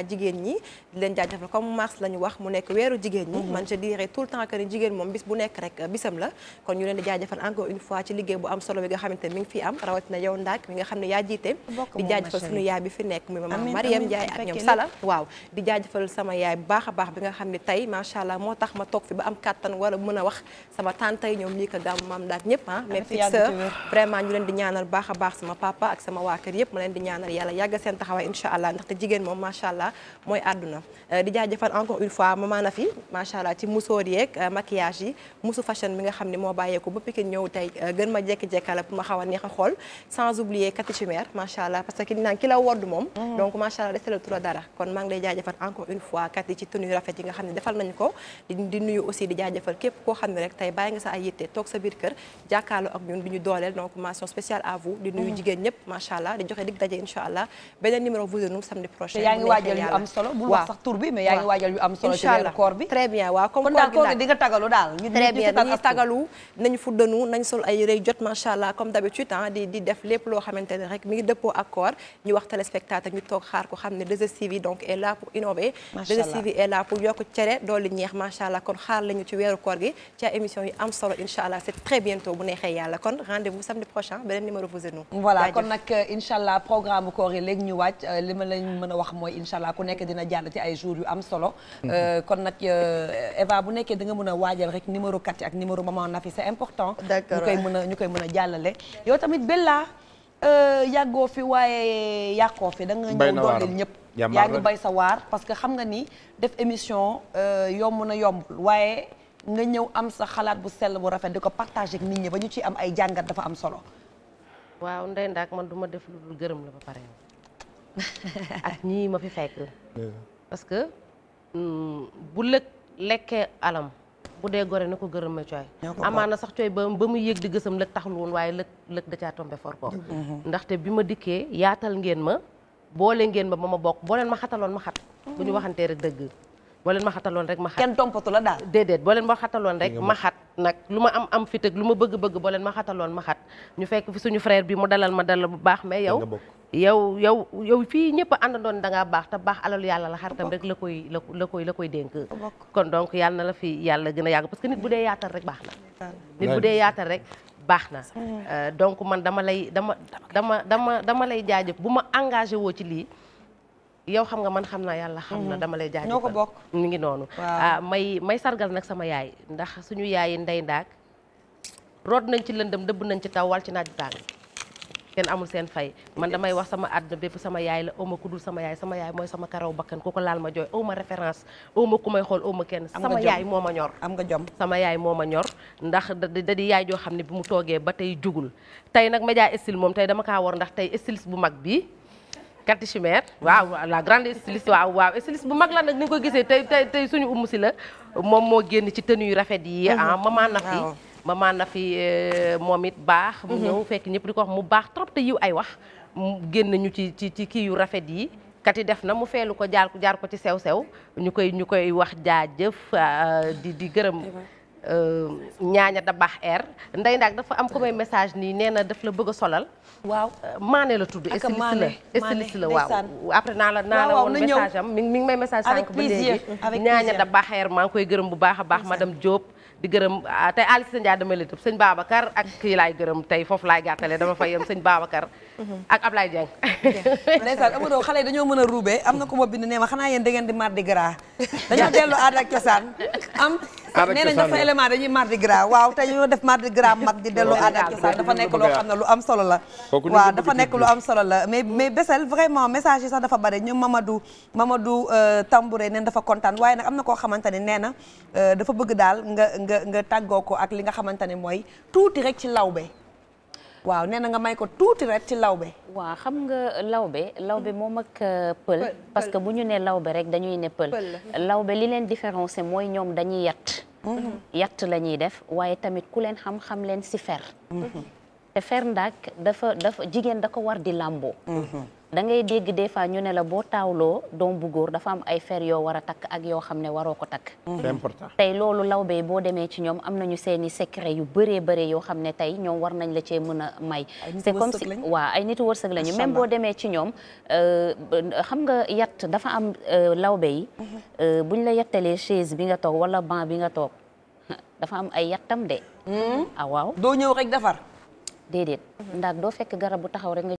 jigéen ñi di leen jaajëfal comme mars la ñu wax mu nekk weeru jigéen ñi mhm. man je dirais tout le temps que ni jigéen moom bis bu nekk rek euh, bisam la kon ñu leen di jaajëfal suñu yaay bi fi nekk muy Mariam Ndiaye ak ñoom Sala waaw di jaajëfal sama yaay bu baax a bi nga xam ne tey macha allah moo tax ma toog fi ba am kàttan wala mën a wax sama tante yi ñoom lii ko gàmm maam ndaak ñëpp ah mais fixeur vraiment ñu leen di ñaanal baax a baax sama papa ak sama waa kër allah mooy àdduna euh, di jaajëfal encore une fois maman Nafi macha allah ci musóor yeeg euh, maquillage yi musu fashion mi nga xam ne moo bàyyeeku ba Pikine ñëw tey euh, gën ma jekki-jekkala pour ma xaw a neex a xool sans oublier Kati Chimère macha allah parce que ki ki la wodd moom mm. donc macha allah dese la dara kon maa ngi lay jaajëfal encore une fois Kati ci tenue rafet yi nga xam ne defal nañu ko di nuyu aussi di jaajëfal képp koo xam ne rek tey bàyyi waajal yu am solo bul wax sax tur bi mais yaa ngi waajal yu am solo ci weeru koor bi très bien waaw comme daal koor tagalu daal très bien tagalu nañu fuddanu nañ sol ay yëre jot macha comme d'habitude ah, di def lépp loo xamante rek mi ngi dëppoo ak ñu wax téléspectateur ñu toog xaar ko xam ne 2STV donc est là pour pour yokk cere doolu ñeex macha allah xaar lañu ci weeru koor gi ci émission yi am solo incha c'est très bientôt bu neexee yàlla kon rendez samedi prochain beneen euh, euh, a laa ku nekk dina jàll ci ay jours yu am solo. Euh, kon nag euh, Eva bu nekkee da nga mën a waajal rek numéro Kati ak numéro maman Nafi c'est important. d'accord ñu koy mën a ñu koy mën a jàllale. yow tamit Bella euh, yàggoo fi waaye yàqoo fi da nga ñëw dooleel ñëpp. yaa ngi bay sa waar parce que xam nga ni def émission yomb na yombul waaye. nga ñëw am sa xalaat bu sell bu rafet di ko partage ak nit ñi ba ñu ci am ay jàngat dafa am solo. waaw Ndeye Ndack man duma def lu dul gërëm la ba pare. ak ñii ma fi fekk parce que hmm, bu lëg lekkee alam bu dee gore na ko gërëm ma cooy amaana sax cooy ba ba mu yëg di gësam lëg taxul woon waaye lëg lëg da caa tombé for ko ndaxte bi ma dikkee yaatal ngeen ma boole ngeen ma ba ma bokk boo leen ma xataloon ma xat mm-hmm. bu ñu waxantee rek dëgg boo leen ma xataloon rek ma xat kenn tompatu la daal déedéet boo leen ma xataloon rek ma xat nag lu ma am am fit lu ma bëgg-bëgg boo leen ma xataloon ma xat ñu fekk fi suñu frère bi mu dalal ma dalal bu baax mais yow yow yow yow fii ñëpp àndandoon da ngaa baax te baax alalu yàlla la xaritam rek la koy la koy la koy dénk kon donc yàlla na la fi yàlla gën a yàgg parce que bu dee yaatal rek baax na bu dee yaatal rek baax na euh, donc man dama lay dama dama dama dama lay jaajëf bu ma engage woo ci lii yow xam nga man xam naa yàlla xam na mm-hmm. dama lay jaajëfal ñoo ko bokk ñu ngi noonu ah, may may sargal nag sama yaay ndax suñu yaay ndey ndaak root nañ ci lëndëm dëbb nañ ci taw wal ci naaj tàng kenn amul seen fay man damay wax sama àdduna bépp sama yaay la aw ma ku dul sama yaay sama yaay mooy sama karaw bakkan ku ko laal ma jooy aw ma référence aw ma ku may xool aw ma kenn sama yaay moo ma ñor sama yaay moo ma ñor ndax da di yaay joo xam ne bu mu toogee ba tey jugul tey nag média style moom tey dama kaa war ndax tey style bu mag bi Kati Chimère waaw la grande styliste waaw waaw styliste bu mag la nag ni ko gisee tey tey tey suñu umu si la moom moo génn ci tenue yu rafet yi a ah, maman Nafi maman na fi euh, moom it baax. mu mhm. ñëw fekk ñëpp di ko wax mu baax trop te yiw ay wax mu génn ñu ci ci ci kii yu rafet yi. kat yi def na mu feelu ko jaar ko jaar ci sew sew ñu koy ñu koy wax jaajëf euh, di di gërëm euh, ñaaña da baax air nday ndaag dafa am ko may message nii nee na daf la bëgg a solal waaw maane la tudd styliste la styliste la waaw après naa la naa la woon message am mi ngi mi ngi may message sànq ba léegi ñaaña da baax maa ngi koy gërëm bu baax a baax madame Diop di gërëm ah, tey Aly Cissé Ndiaye dama la tëb sëñ Babacar ak kii laay gërëm tey foofu laay gàttalee dama fay yem sañ Babacar. ak Ablaye Dieng. ndeysaan Amadou xale yi dañoo mën a ruubee am na ko ma bind nee ma xanaa yéen da ngeen di mardi gras dañoo dellu aada ak cosaan am. nee nañ dafa élément dañuy mardi gras waaw tey ñoo def mardi gras mag di delloo aada ak cosaan dafa nekk loo xam ne lu am solo la waaw dafa nekk lu am solo la mais mais Bessél vraiment message sax dafa bari ñoom Mamadou Mamadou euh, Tambouré neen dafa kontaan waaye nag am na koo xamante ne nee na euh, dafa bëgg daal nga nga nga tàggoo ko ak li nga xamante ne mooy tuuti rek ci law lawbe waaw nee na nga may ko tuuti rek ci lawbe. waaw xam nga lawbe lawbe mm-hmm. moom ak euh, pël. parce que bu ñu nee lawbe rek dañuy ne pël. lawbe li leen différence mooy ñoom dañuy yatt. Mm-hmm. yatt la ñuy def waaye tamit ku leen xam xam leen si fer. Mm-hmm. te fer ndaak dafa dafa jigéen da ko war di làmboo. da ngay dégg des fois ñu ne la boo taawloo doom bu góor dafa am ay fer yoo war a takk ak yoo xam ne waroo ko takk. Mm. c'est important tey loolu lawbe boo demee ci ñoom am nañu seeni secret yu bëree bëree yoo xam ne tey ñoom war nañ la cee mën a may. c'est comme si waaw ay nitu wërsëg lañu même boo demee ci ñoom euh, xam nga yatt dafa am euh, lawbe yi. Mm-hmm. Euh, buñ la yattalee chaise bi nga toog wala banc bi nga toog dafa am ay yattam de. Mm. ah waaw doo ñëw rek defar. déedéet mm-hmm. ndax doo fekk garabu taxaw rek nga.